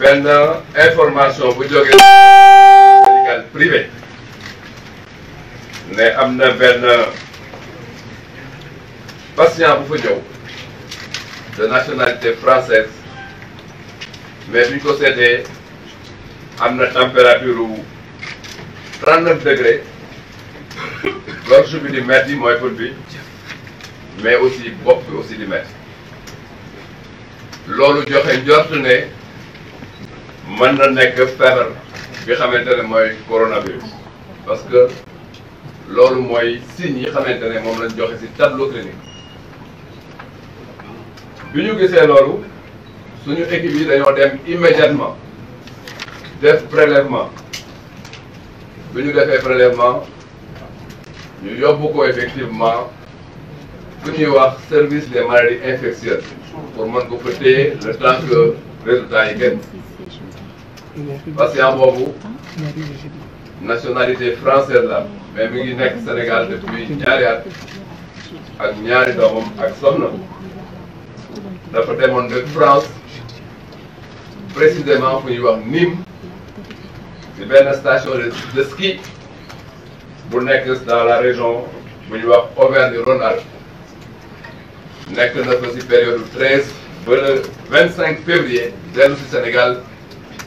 benn information bu jógee médical privé ne am na patient bu fa de nationalité française mais qui possédait une température température wu 39 degré gorge bi di metti mooy mais aussi beaucoup aussi di metti loolu joxe njort man na nekk feebar bi xamante ne mooy coronavirus parce que loolu mooy signe yi xamante ne moom lañ joxe ci tableau clinique bi ñu gisee loolu suñu équipe yi dañoo dem immédiatement def prélèvement bi ñu defee prélèvement ñu yóbbu ko effectivement fu ñuy wax service des maladies infectieuses pour mën ko fa téye le temps que résultat yi génn Passé en boobu nationalité française là, mais mi ngi nekk Sénégal depuis ñaari at ak ñaari doomam ak soxna dafa de dëkk France précisément fu ñuy wax Nîmes ci une station de ski pour nekk dans la région bu ñuy wax Auvergne-Rhône-Alpes nekk na fa ci période 13 ba le 25 février dellu le Sénégal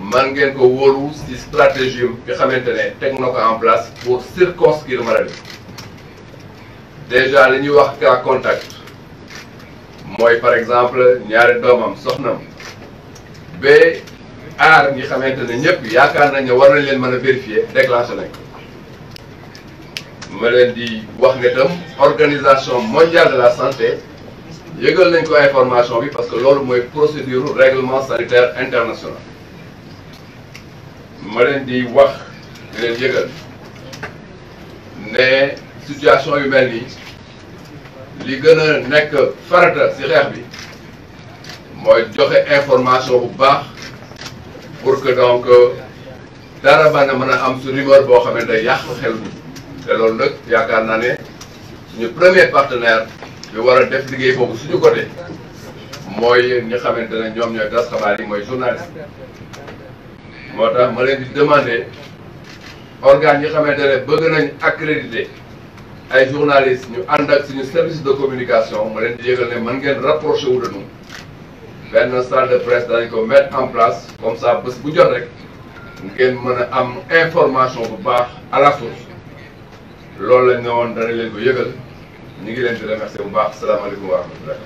man ngeen ko wóolu ci stratégie bi xamante ne teg na ko en place pour circonscrire maladie déjà li ñuy wax cas contact mooy par exemple ñaari doomam soxnam ba aar ñi xamante ne ñëpp yaakaar nañ ne war nañ leen mën a vérifier déclenché nañ ko ma leen di wax ne tam organisation mondiale de la santé yëgal nañ ko information bi parce que loolu mooy procédure règlement sanitaire international ma leen di wax di yëgal ne situation yu mel nii li gën a nekk farata ci xeex bi mooy joxe information bu baax pour que donc dara ba na mën a am su rumeur boo xam ne day yàq xel bi te loolu nag yaakaar naa ne suñu premier partenaire bi war a def liggéey boobu suñu côté mooy ñu xamante ne ñoom ñooy tas xabaar yi mooy journaliste moo tax ma leen di demander organes yi xamante ne bëgg nañ accrédité ay journalistes ñu ànd ak suñu service de communication ma leen di yëgal ne mën ngeen rapproché wu de benn salle de presse dañ ko mettre en place comme ça bés bu jot rek ngeen mën a am information bu baax à la source loolu lañ ne woon danañ leen ko yëgal ñu ngi leen di remercier bu baax salaamaaleykum wa rahmatulah.